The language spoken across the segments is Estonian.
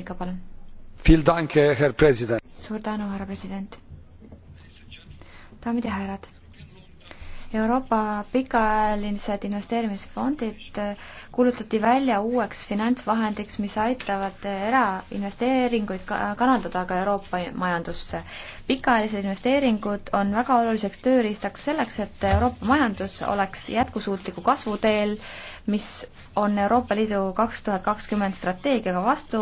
replika, palun. suur tänu, härra president. daamid ja härrad Euroopa pikaajalised investeerimisfondid eh, kuulutati välja uueks finantsvahendiks, mis aitavad erainvesteeringuid kanaldada ka Euroopa majandusse pikaajalised investeeringud on väga oluliseks tööriistaks selleks, et Euroopa majandus oleks jätkusuutliku kasvu teel, mis on Euroopa Liidu kaks tuhat kakskümmend strateegiaga vastu,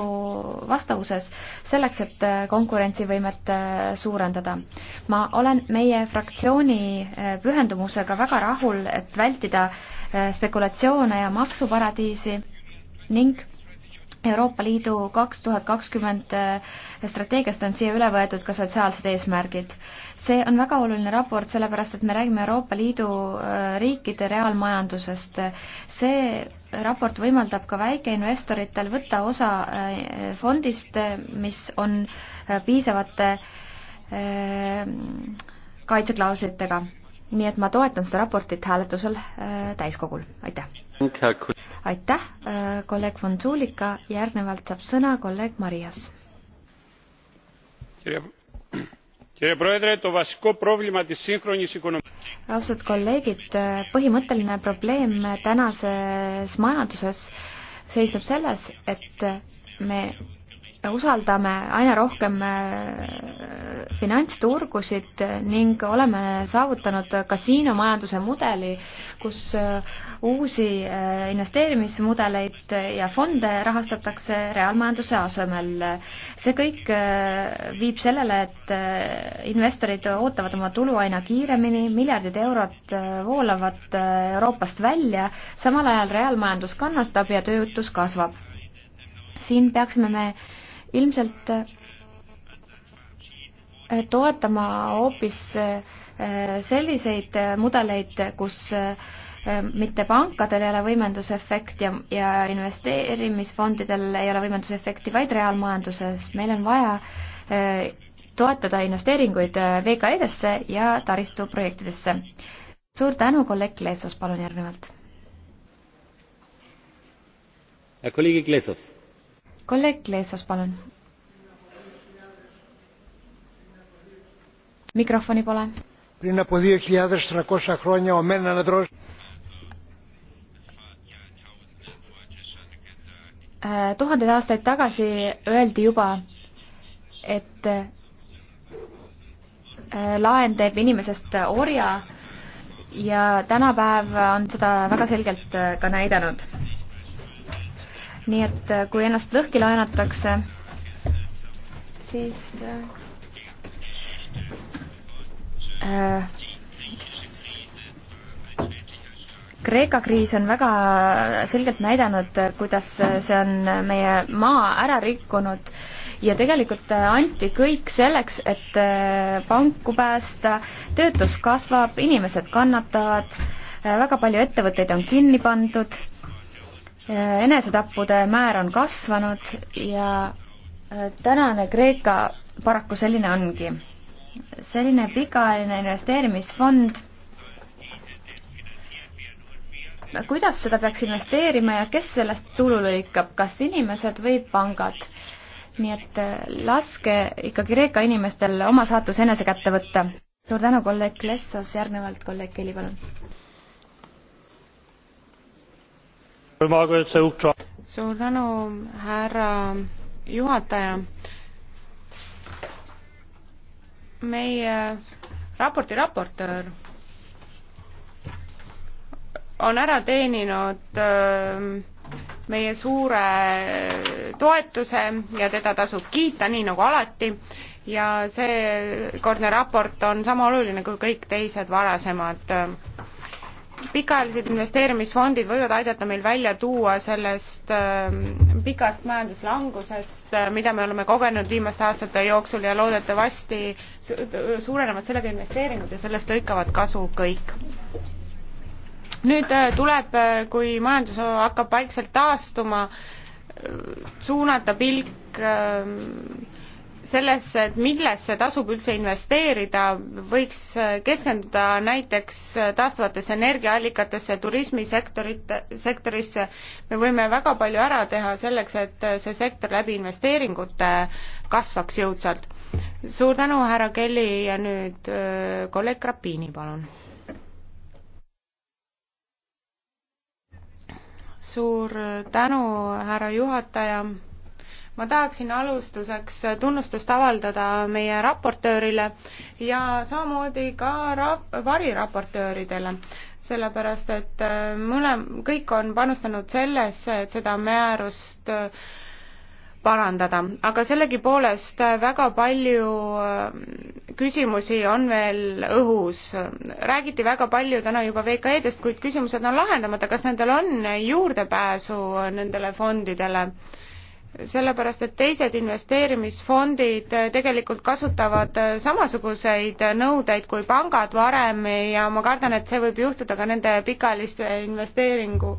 vastavuses, selleks, et konkurentsivõimet äh, suurendada. ma olen meie fraktsiooni äh, pühendumusega väga rahul, et vältida äh, spekulatsioone ja maksuparadiisi ning Euroopa Liidu kaks tuhat kakskümmend äh, strateegiast on siia üle võetud ka sotsiaalsed eesmärgid. see on väga oluline raport, sellepärast et me räägime Euroopa Liidu äh, riikide reaalmajandusest. see raport võimaldab ka väikeinvestoritel võtta osa äh, fondist, mis on piisavate kaitseklauslitega. nii et ma toetan seda raportit hääletusel täiskogul, aitäh! aitäh, äh, kolleeg Fontsulika, järgnevalt saab sõna kolleeg Marias. austatud kolleegid, äh, põhimõtteline probleem tänases majanduses seisneb selles, et me usaldame aina rohkem äh, finantsturgusid ning oleme saavutanud kasiinomajanduse mudeli, kus äh, uusi äh, investeerimismudeleid ja fonde rahastatakse reaalmajanduse asemel. see kõik viib sellele, et investorid ootavad oma tulu aina kiiremini, miljardid eurod voolavad Euroopast välja, samal ajal reaalmajandus kannatab ja töötus kasvab. siin peaksime me äh, ilmselt eh, toetama hoopis eh, selliseid eh, mudeleid, kus mitte pankadel ei ole võimendusefekt ja, ja investeerimisfondidel ei ole võimendusefekti, vaid reaalmajanduses. meil on vaja toetada investeeringuid VKE-desse ja taristuprojektidesse. suur tänu, kolleeg Kleesos, palun järgnevalt. kolleeg Kleesos kolleeg Kleesas, palun. mikrofoni pole. tuhandeid aastaid tagasi öeldi juba, et laen teeb inimesest orja ja tänapäev on seda väga selgelt äh, ka näidanud nii et äh, kui ennast lõhki laenatakse, siis äh, äh, Kreeka kriis on väga selgelt näidanud, äh, kuidas see on meie maa ära rikkunud ja tegelikult anti kõik selleks, et panku päästa, töötus kasvab, inimesed kannatavad, väga palju ettevõtteid on kinni pandud enesetappude määr on kasvanud ja äh, tänane Kreeka paraku selline ongi. selline pikaajaline investeerimisfond, kuidas seda peaks investeerima ja kes sellest tulu lõikab, kas inimesed või pangad? nii et äh, laske ikkagi Kreeka inimestel oma saatus enese kätte võtta. suur tänu, kolleeg Lessos, järgnevalt kolleeg Keli, palun. suur tänu, härra juhataja. meie raporti raportöör on ära teeninud ähm, meie suure toetuse ja teda tasub kiita, nii nagu alati, ja seekordne raport on sama oluline kui kõik teised varasemad pikaajalised investeerimisfondid võivad aidata meil välja tuua sellest ähm, pikast majanduslangusest, äh, mida me oleme kogenud viimaste aastate jooksul ja loodetavasti suurenevad sellega investeeringud ja sellest lõikavad kasu kõik. nüüd äh, tuleb, äh, kui majandus hakkab vaikselt taastuma, suunata pilk ähm, sellesse, et millesse tasub üldse investeerida, võiks keskenduda näiteks taastuvatesse energiaallikatesse, turismisektorite, sektorisse. me võime väga palju ära teha selleks, et see sektor läbi investeeringute kasvaks jõudsalt. suur tänu, härra Kelly ja nüüd äh, kolleeg Grappini, palun. suur tänu, härra juhataja ma tahaksin alustuseks tunnustust avaldada meie raportöörile ja samamoodi ka ra-, variraportööridele, sellepärast et äh, mõlem-, kõik on panustanud sellesse, et seda määrust äh, parandada, aga sellegipoolest äh, väga palju küsimusi on veel õhus. räägiti väga palju täna juba VKE-dest, kuid küsimused on lahendamata, kas nendel on juurdepääsu nendele fondidele? sellepärast et teised investeerimisfondid tegelikult kasutavad äh, samasuguseid nõudeid kui pangad varem ja ma kardan, et see võib juhtuda ka nende pikaajaliste investeeringu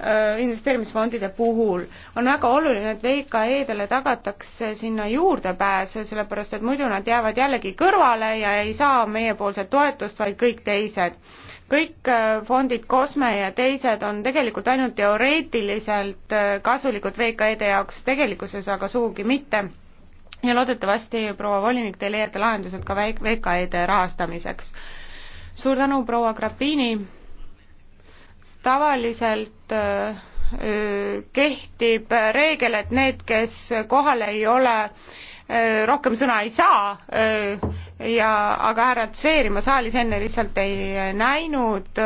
Äh, investeerimisfondide puhul. on väga oluline, et VKE-dele tagatakse sinna juurdepääs, sellepärast et muidu nad jäävad jällegi kõrvale ja ei saa meiepoolset toetust, vaid kõik teised. kõik äh, fondid, COSME ja teised on tegelikult ainult teoreetiliselt äh, kasulikud VKE-de jaoks, tegelikkuses aga sugugi mitte ja loodetavasti, proua volinik, te leiate lahendused ka väik-, VKE-de rahastamiseks. suur tänu, proua Grappini! tavaliselt kehtib reegel, et need, kes kohal ei ole, rohkem sõna ei saa ja, aga härra Tsveeri ma saalis enne lihtsalt ei näinud,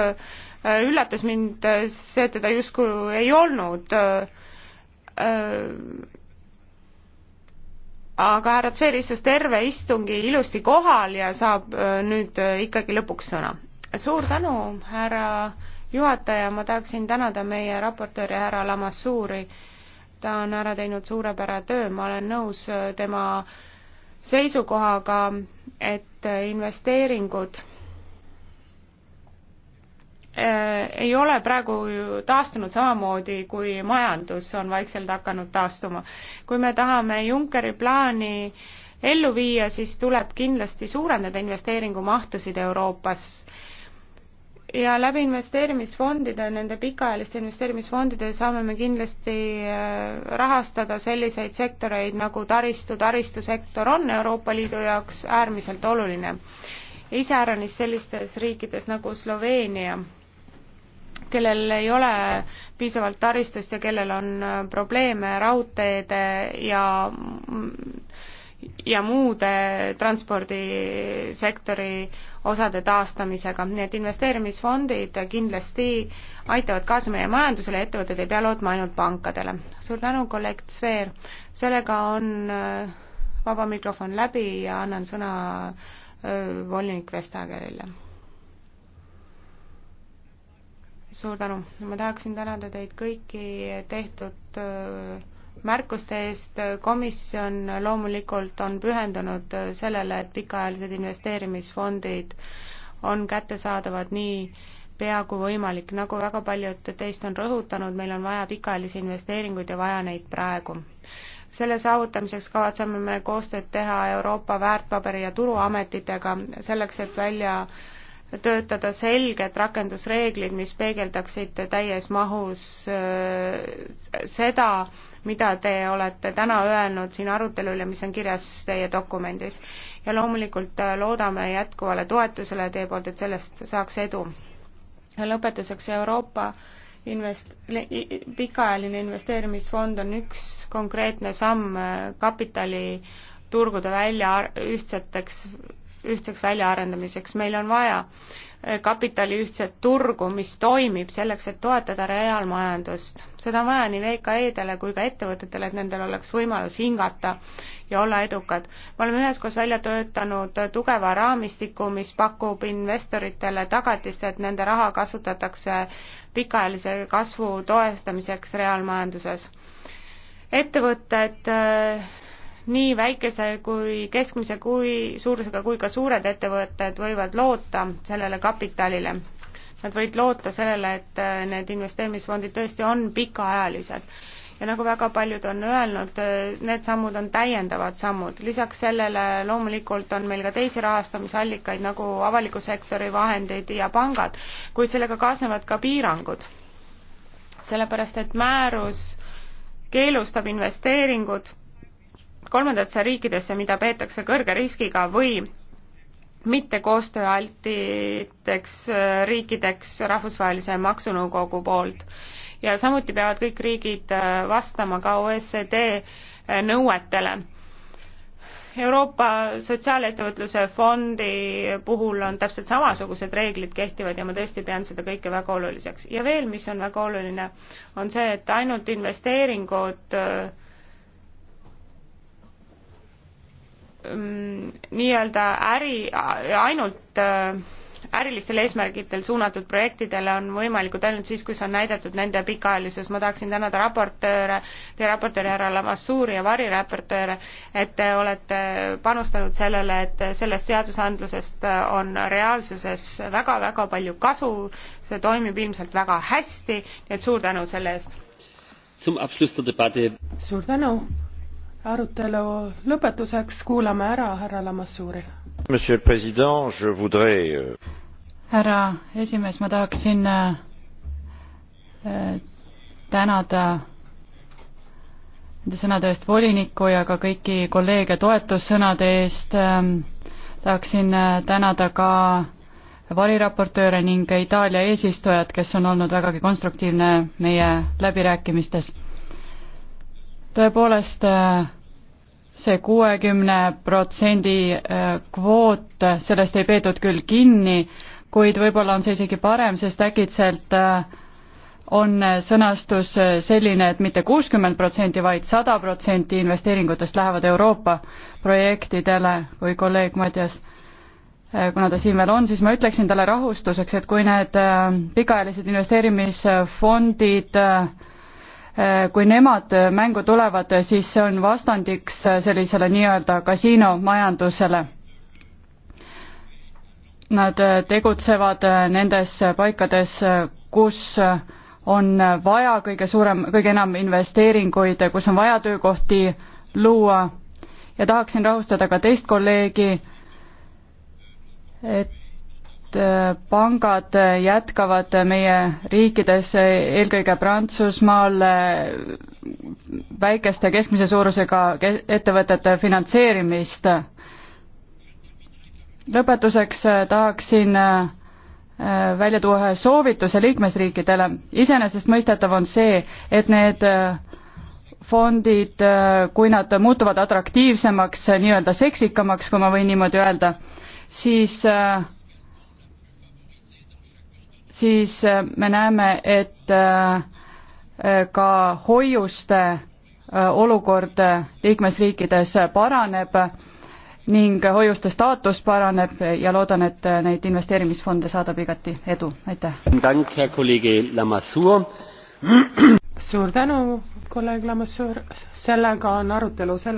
üllatas mind see, et teda justkui ei olnud. aga härra Tsveer istus terve istungi ilusti kohal ja saab nüüd ikkagi lõpuks sõna. suur tänu, härra juhataja, ma tahaksin tänada meie raportööri härra Lamassuuri. ta on ära teinud suurepärane töö, ma olen nõus äh, tema seisukohaga, et investeeringud äh, ei ole praegu taastunud samamoodi, kui majandus on vaikselt hakanud taastuma. kui me tahame Junckeri plaani ellu viia, siis tuleb kindlasti suurendada investeeringumahtusid Euroopas ja läbi investeerimisfondide, nende pikaajaliste investeerimisfondide saame me kindlasti äh, rahastada selliseid sektoreid nagu taristu, taristusektor on Euroopa Liidu jaoks äärmiselt oluline. iseäranis sellistes riikides nagu Sloveenia, kellel ei ole piisavalt taristust ja kellel on äh, probleeme raudteede ja ja muude transpordisektori osade taastamisega, nii et investeerimisfondid kindlasti aitavad kaasa meie majandusele ja ettevõtted ei pea lootma ainult pankadele. suur tänu, kolleeg Sveer, sellega on äh, vaba mikrofon läbi ja annan sõna äh, volinik Vestagerile. suur tänu, ma tahaksin tänada teid kõiki tehtud öö, äh, märkuste eest, komisjon loomulikult on pühendunud sellele, et pikaajalised investeerimisfondid on kättesaadavad nii pea kui võimalik, nagu väga paljud teist on rõhutanud, meil on vaja pikaajalisi investeeringuid ja vaja neid praegu. selle saavutamiseks kavatseme me koostööd teha Euroopa väärtpaberi- ja turuametitega, selleks et välja töötada selged rakendusreeglid, mis peegeldaksid täies mahus äh, seda, mida te olete täna öelnud siin arutelul ja mis on kirjas teie dokumendis. ja loomulikult äh, loodame jätkuvale toetusele teie poolt, et sellest saaks edu. ja lõpetuseks Euroopa invest-, pikaajaline investeerimisfond on üks konkreetne samm äh, kapitaliturgude välja ühtseteks ühtseks väljaarendamiseks, meil on vaja eh, kapitali ühtset turgu, mis toimib selleks, et toetada reaalmajandust. seda on vaja nii VKE-dele kui ka ettevõtetele, et nendel oleks võimalus hingata ja olla edukad. me oleme üheskoos välja töötanud tugeva raamistiku, mis pakub investoritele tagatist, et nende raha kasutatakse pikaajalise kasvu toestamiseks reaalmajanduses ettevõtted et eh, nii väikese kui keskmise kui suurusega kui ka suured ettevõtted võivad loota sellele kapitalile. Nad võid loota sellele, et äh, need investeerimisfondid tõesti on pikaajalised ja nagu väga paljud on öelnud, äh, need sammud on täiendavad sammud. lisaks sellele loomulikult on meil ka teisi rahastamisallikaid nagu avaliku sektori vahendid ja pangad, kuid sellega kaasnevad ka piirangud. sellepärast, et määrus keelustab investeeringud kolmandatesse riikidesse, mida peetakse kõrge riskiga või mitte koostööaltideks äh, riikideks Rahvusvahelise Maksunõukogu poolt. ja samuti peavad kõik riigid äh, vastama ka OECD äh, nõuetele. Euroopa Sotsiaalettevõtluse Fondi puhul on täpselt samasugused reeglid kehtivad ja ma tõesti pean seda kõike väga oluliseks. ja veel, mis on väga oluline, on see, et ainult investeeringud äh, Ähm, nii-öelda äri, ainult äh, ärilistel eesmärgitel suunatud projektidele on võimalikud ainult siis, kui see on näidatud nende pikaajalisus. ma tahaksin tänada raportööre, teie raportööri härra Lamassuuri ja variraportööre, et te olete panustanud sellele, et sellest seadusandlusest on reaalsuses väga-väga palju kasu, see toimib ilmselt väga hästi, nii et suur tänu selle eest! suur tänu! arutelu lõpetuseks kuulame ära härra Lamassuuri. Voudrais... Euh, härra esimees, ma tahaksin äh, äh, tänada nende sõnade eest volinikku ja ka kõiki kolleege toetussõnade eest. Ähm, tahaksin äh, tänada ka variraportööre ning Itaalia eesistujat, kes on olnud vägagi konstruktiivne meie läbirääkimistes tõepoolest äh, see kuuekümne protsendi äh, kvoot, äh, sellest ei peetud küll kinni, kuid võib-olla on see isegi parem, sest äkitselt on sõnastus selline, et mitte kuuskümmend protsenti, vaid sada protsenti investeeringutest lähevad Euroopa projektidele, kui kolleeg Matjas kuna ta siin veel on, siis ma ütleksin talle rahustuseks, et kui need pikaajalised investeerimisfondid äh, Äh, kui nemad äh, mängu tulevad, äh, siis see on vastandiks sellisele nii-öelda kasiinomajandusele. Nad tegutsevad nendes paikades, kus on vaja kõige suurem, kõige enam investeeringuid, kus on vaja töökohti luua ja tahaksin rahustada ka teist kolleegi, et Äh, pangad äh, jätkavad äh, meie riikides, eelkõige Prantsusmaal, väikeste keskmise suurusega ettevõtete finantseerimist. lõpetuseks tahaksin välja tuua ühe soovituse liikmesriikidele. iseenesestmõistetav on see, et need fondid, kui nad muutuvad atraktiivsemaks, nii-öelda seksikamaks, kui ma võin niimoodi öelda, siis äh, siis äh, me näeme, et äh, ka hoiuste äh, olukord liikmesriikides paraneb ning hoiuste staatus paraneb ja loodan, et neid investeerimisfonde saadab igati edu, aitäh. suur tänu, kolleeg Lamassoor, sellega on arutelu selle